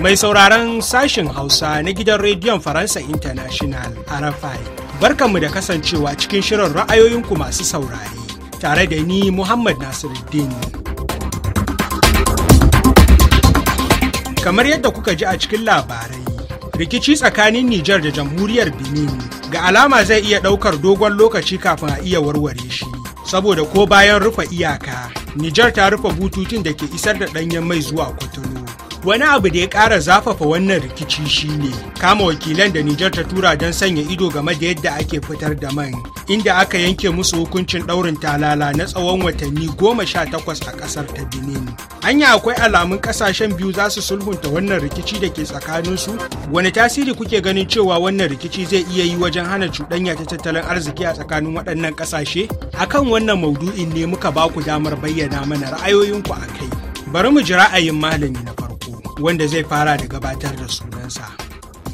Mai sauraron sashen Hausa na gidan rediyon Faransa International RFI, barkanmu da kasancewa cikin shirin ra'ayoyinku masu saurare, tare da ni Muhammad Nasiruddin. Kamar yadda kuka ji a cikin labarai, rikici tsakanin Nijar da jamhuriyar Benin ga alama zai iya ɗaukar dogon lokaci kafin a iya warware shi, saboda ko bayan rufe iyaka Nijar ta rufe bututun da ke isar da ɗanyen mai zuwa Kwatano. wani abu da ya ƙara zafafa wannan rikici shine kama wakilan da nijar ta tura don sanya ido game da yadda ake fitar da man inda aka yanke musu hukuncin ɗaurin talala na tsawon watanni goma sha takwas a ƙasar ta benin anya akwai alamun ƙasashen biyu za su sulhunta wannan rikici da ke tsakaninsu wani tasiri kuke ganin cewa wannan rikici zai iya yi wajen hana cuɗanya ta tattalin arziki a tsakanin waɗannan ƙasashe akan wannan maudu'in ne muka baku damar bayyana mana ra'ayoyinku a kai bari mu ji ra'ayin malami na wanda zai fara da gabatar da sunansa.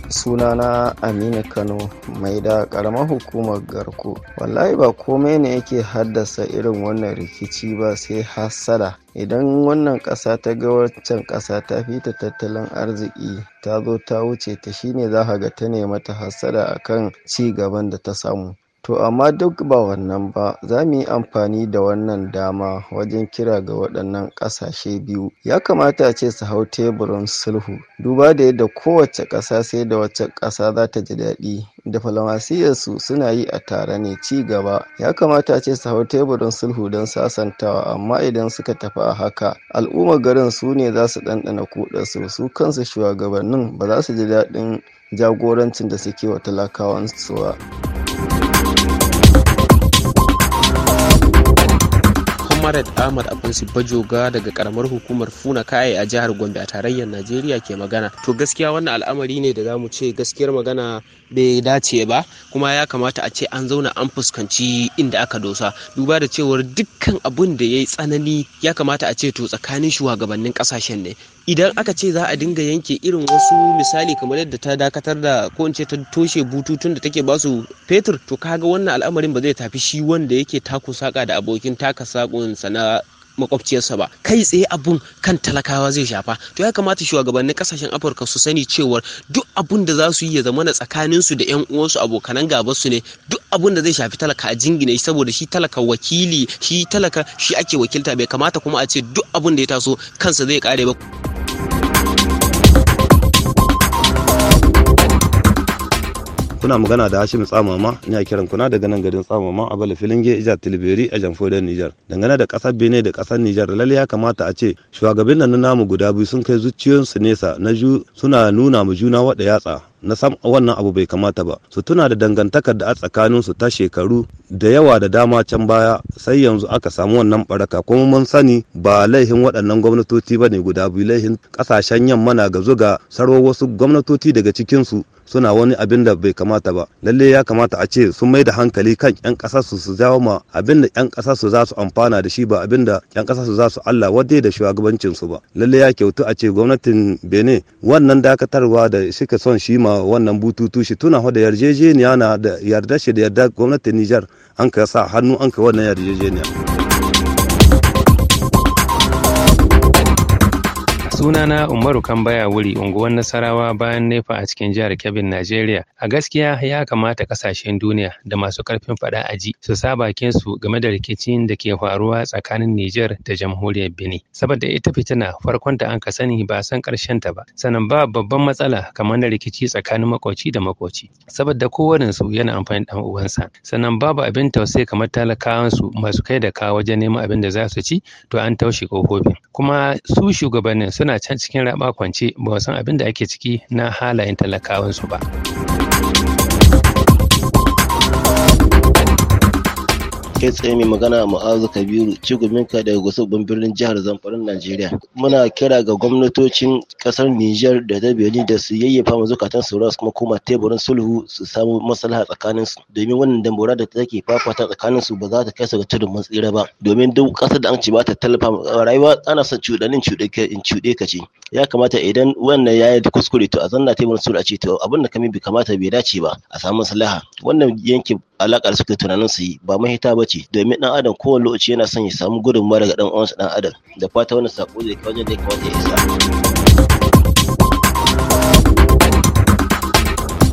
sunana aminu kano mai da karamar hukumar garko wallahi ba komai ne yake haddasa irin wannan rikici ba sai hassada idan wannan ƙasa ta ga wancan ƙasa ta fi ta tattalin arziki ta zo ta wuce ta shine za ga ta nema ta hassada akan ci gaban da ta samu To amma duk ba wannan ba, za mu yi amfani da wannan dama wajen kira ga waɗannan ƙasashe biyu, ya kamata ce su hau teburin sulhu, duba da yadda kowace ƙasa sai da wacce ƙasa za ta ji daɗi. Diflomasiyarsu suna yi a tare ne ci gaba, ya kamata ce su hau teburin sulhu don sasantawa, amma idan suka tafi a haka, al'ummar garin su ne za su ɗanɗana kuɗarsu, su kansu shugabannin ba za su ji daɗin jagorancin da suke wa talakawansu ba. comrade ahmad afansi bajoga daga karamar hukumar funa kai a jihar gombe a tarayyar najeriya ke magana to gaskiya wannan al'amari ne da za mu ce gaskiyar magana bai dace ba kuma ya kamata a ce an zauna an fuskanci inda aka dosa duba da cewar dukkan abun da ya yi tsanani ya kamata a ce to tsakanin shugabannin kasashen ne idan aka ce za a dinga yanke irin wasu misali kamar yadda ta dakatar da ko ce ta toshe bututun da take basu fetur to kaga wannan al'amarin ba zai tafi shi wanda yake taku saka da abokin taka sakon sana makwabciyarsa ba kai tsaye abun kan talakawa zai shafa to ya kamata shugabannin kasashen afirka su sani cewar duk abun da za su yi ya zama na tsakanin su da yan uwansu abokanan gaba su ne duk abun da zai shafi talaka a jingine shi saboda shi talaka wakili shi talaka shi ake wakilta bai kamata kuma a ce duk abun da ya taso kansa zai kare ba kuna magana da Hashim Tsamama ina kiran kuna daga nan garin Tsamama a Bala Filinge Ija Tilberi a Jamfodan Niger dangane da kasar Benin da kasar Niger lalle ya kamata a ce shugabannin nan namu guda biyu sun kai zuciyoyinsu nesa na ju suna nuna mu juna wada yatsa na san wannan abu bai kamata ba su tuna da dangantakar da a tsakanin su ta shekaru da yawa da dama can baya sai yanzu aka samu wannan baraka kuma mun sani ba laihin waɗannan gwamnatoci ba ne guda biyu laihin ƙasashen yamma na ga zuga sarwar wasu gwamnatoci daga cikinsu suna wani abin da bai kamata ba lalle ya kamata a ce sun mai da hankali kan yan kasa su su jawo ma abin da yan kasa su za su amfana da shi ba abin da yan kasa su za su Allah wadai da shugabancin su ba lalle ya kyautu a ce gwamnatin Benin wannan dakatarwa da suka son shi ma wannan bututu shi tuna hoda yarjejeniya na da yarda shi da yarda gwamnatin Niger an ka sa hannu an ka wannan yarjejeniya Sunana Umaru Kambaya wuri unguwar Nasarawa bayan nefa a cikin jihar Kebbi, Najeriya. A gaskiya ya kamata kasashen duniya da masu karfin fada a ji su sa bakin su game da rikicin da ke faruwa tsakanin Nijar da Jamhuriyar Benin. Saboda ita fitina farkon da an ka sani ba san karshen ta ba. Sannan ba babban matsala kamar na rikici tsakanin makoci da makoci. Saboda kowane su yana amfani da uwansa. Sannan babu abin tausayi kamar talakawan su masu kai da kawo wajen neman abin da za su ci to an taushe kofofin. Kuma su shugabannin suna suna can cikin raba kwance ba san abin da ake ciki na halayen talakawansu ba. kai tsaye mai magana Ma'azu kabiru ka daga gusubin birnin jihar zamfaran najeriya muna kira ga gwamnatocin kasar niger da ta benin da su yayyafa mu zukatan su kuma koma teburin sulhu su samu maslaha tsakanin su domin wannan dambura da take fafata tsakanin su ba za ta kai su ga tudun matsira ba domin duk kasar da an ci ba ta tallafa rayuwa ana son cuɗanin cuɗe in cuɗe ka ce ya kamata idan wannan yayi da kuskure to a zanna teburin sulhu a ce to abin da kami bai kamata bai dace ba a samu maslaha wannan yankin alaƙar suke tunanin su yi ba mahita ba ce domin ɗan adam kowane lokaci yana son ya samu gudunmawa daga ɗan uwansa ɗan adam da fata wani sako zai kawo da kawo isa.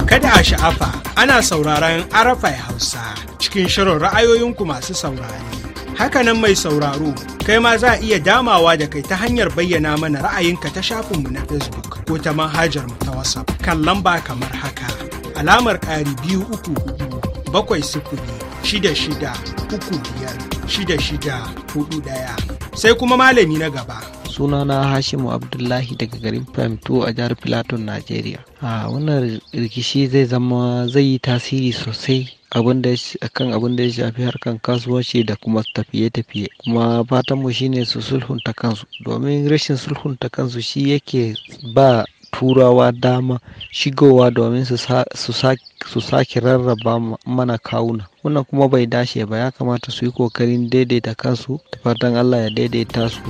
Kada a sha'afa ana sauraron Arafai Hausa cikin shirin ra'ayoyinku masu saurari. Hakanan mai sauraro, kai ma za a iya damawa da kai ta hanyar bayyana mana ra'ayinka ta shafinmu na Facebook ko ta manhajar mu ta WhatsApp kan lamba kamar haka. Alamar ƙari biyu uku hudu bakwai sifili shida shida uku biyar shida shida hudu daya sai kuma malami na gaba. sunana hashimu abdullahi daga garin prime 2 a jihar Filaton, nigeria a wannan rikici zai zama zai yi tasiri sosai kan abin da ya shafi harkan kasuwanci da kuma tafiye-tafiye kuma fatanmu shine su sulhunta kansu domin rashin sulhunta kansu shi yake ba turawa dama shigowa domin su sake rarraba mana kawuna wannan kuma bai dace ba ya kamata su yi kokarin daidaita kansu da allah ya daidaita su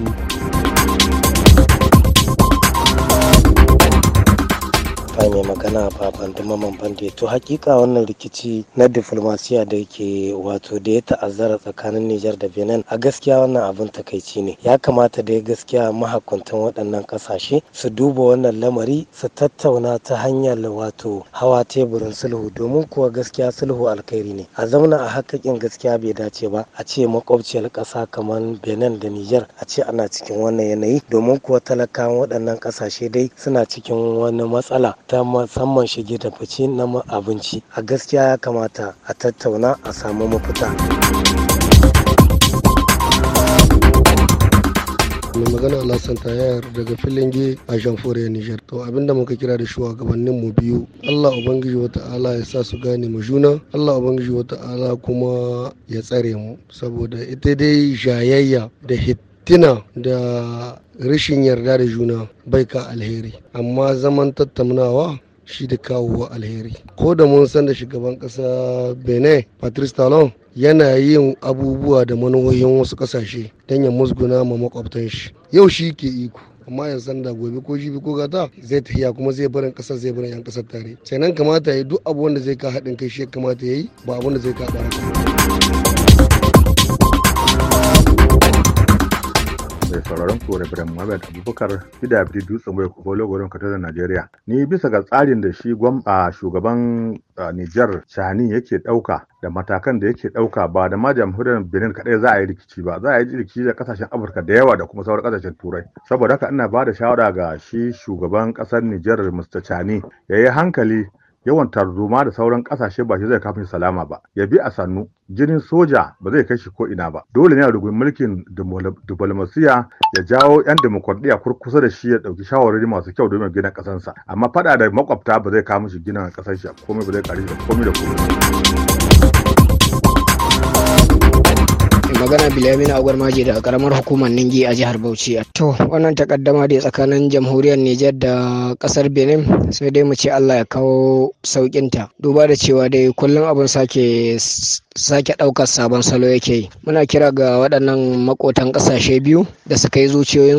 kai mai magana baban dumaman bande to hakika wannan rikici na diflomasiya da ke wato da ya ta'azzara tsakanin Nijar da Benin a gaskiya wannan abin takaici ne ya kamata dai gaskiya mahakuntan waɗannan ƙasashe su duba wannan lamari su tattauna ta hanyar wato hawa teburin sulhu domin kuwa gaskiya sulhu alkhairi ne a zauna a hakakin gaskiya bai dace ba a ce makwabciyar ƙasa kamar Benin da Nijar a ce ana cikin wannan yanayi domin kuwa talakawan waɗannan ƙasashe dai suna cikin wani matsala ta musamman shige da fice na abinci a gaskiya ya kamata a tattauna a samu mafita mai magana Alhassan Tayar daga filin Filinge a Jamforiya Nijar. To abinda muka kira da shugabannin mu biyu. Allah Ubangiji wa ta'ala ya sa su gane mu juna. Allah Ubangiji wa ta'ala kuma ya tsare mu saboda ita dai jayayya da hit fitina da rashin yarda da juna bai ka alheri amma zaman tattaunawa shi da kawo alheri ko da mun san da shugaban kasa benin patrice talon yana yin abubuwa da manuhohin wasu kasashe don ya musguna ma makwabtan shi yau shi ke iko amma ya san da gobe ko jibi ko gata zai tafiya kuma zai barin kasar zai barin yan kasar tare sai nan kamata ya duk abu wanda zai ka haɗin kai shi kamata ya yi ba abu da zai ka ɓara sauraron ku Ibrahim Muhammad Abubakar PWD Dutsen Wai Kufo Logorin Katsina Najeriya. Ni bisa ga tsarin da shi gwam a shugaban Nijar Shani yake ɗauka da matakan da yake ɗauka ba da ma jamhuriyar Benin kaɗai za a yi rikici ba za a yi rikici da ƙasashen Afirka da yawa da kuma sauran ƙasashen Turai. Saboda haka ina ba da shawara ga shi shugaban ƙasar Nijar Mr. Chani ya yi hankali yawan tarzoma da sauran kasashe ba shi zai kafin salama ba ya bi a sannu jinin soja ba zai kai shi ko ina ba dole ne a rugun mulkin diplomasiya ya jawo yan demokradiyya kurkusa da shi ya ɗauki shawarwari masu kyau domin gina kasansa amma faɗa da makwabta ba zai kawo mishi gina kasar shi komai ba zai kare shi komai da komai magana bilamina a maje da karamar hukumar ningi a jihar bauchi to wannan takaddama da tsakanin jamhuriyar Nijar da kasar benin sai dai mu ce allah ya kawo saukinta duba da cewa dai kullum abin sake sake ɗaukar sabon salo yake yi muna kira ga waɗannan makotan ƙasashe biyu da suka yi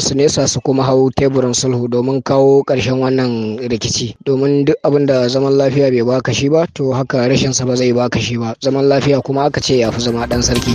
su nesa su kuma hau teburin sulhu domin kawo ƙarshen wannan rikici domin duk abin da zaman lafiya bai baka shi ba to haka rashinsa ba zai baka shi ba zaman lafiya kuma aka ce ya fi zama ɗan sarki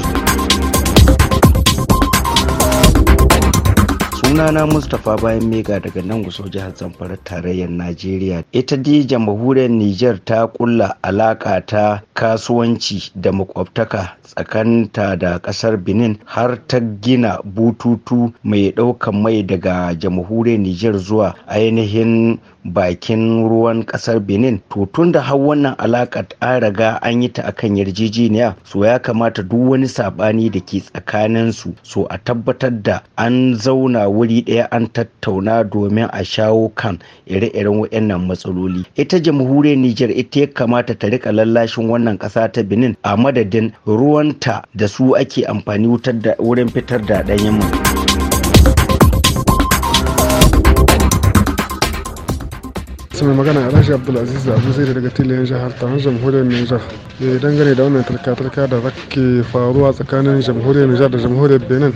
sunana mustapha bayan mega daga nan guso jihar zamfara tarayyar najeriya ita dai jamhuriyar niger ta kulla alaka ta kasuwanci da makwabtaka tsakanta da kasar benin har ta gina bututu mai daukan mai daga jamhuriyar niger zuwa ainihin bakin ruwan kasar benin to tun da har wannan alaka an riga an yi ta akan yarjejeniya so ya kamata duk wani sabani da ke tsakanin su so a tabbatar da an zauna wuri wuri ɗaya an tattauna domin a shawo kan ire-iren waɗannan matsaloli ita jamhuriyar nijar ita ya kamata ta rika lallashin wannan ƙasa ta benin a madadin ruwanta da su ake amfani wurin fitar da ɗanyen mai mai magana a rashi abdulaziz abu zai daga tiliyan jihar taron jamhuriyar nijar da eh, dangane da wannan tarka-tarka da ke faruwa tsakanin jamhuriyar nijar da jamhuriyar benin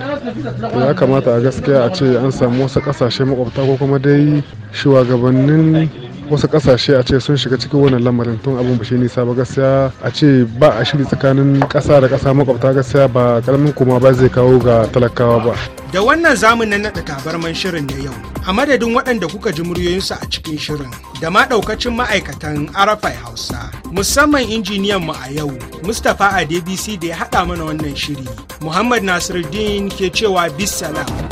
ya kamata a gaskiya a ce an samu wasu kasashe makwabta ko kuma dai shugabannin wasu kasashe a ce sun shiga cikin wannan lamarin tun abin ba shi nisa ba gaskiya a ce ba a shiri tsakanin kasa da kasa makwabta gaskiya ba karamin kuma ba zai kawo ga talakawa ba da wannan zamu na naɗa tabarman shirin na yau a madadin waɗanda kuka ji muryoyinsu a cikin shirin da ma ɗaukacin ma'aikatan arafai hausa musamman injiniyan mu a yau mustapha adebisi da ya haɗa mana wannan shiri muhammad nasiruddin ke cewa bisalam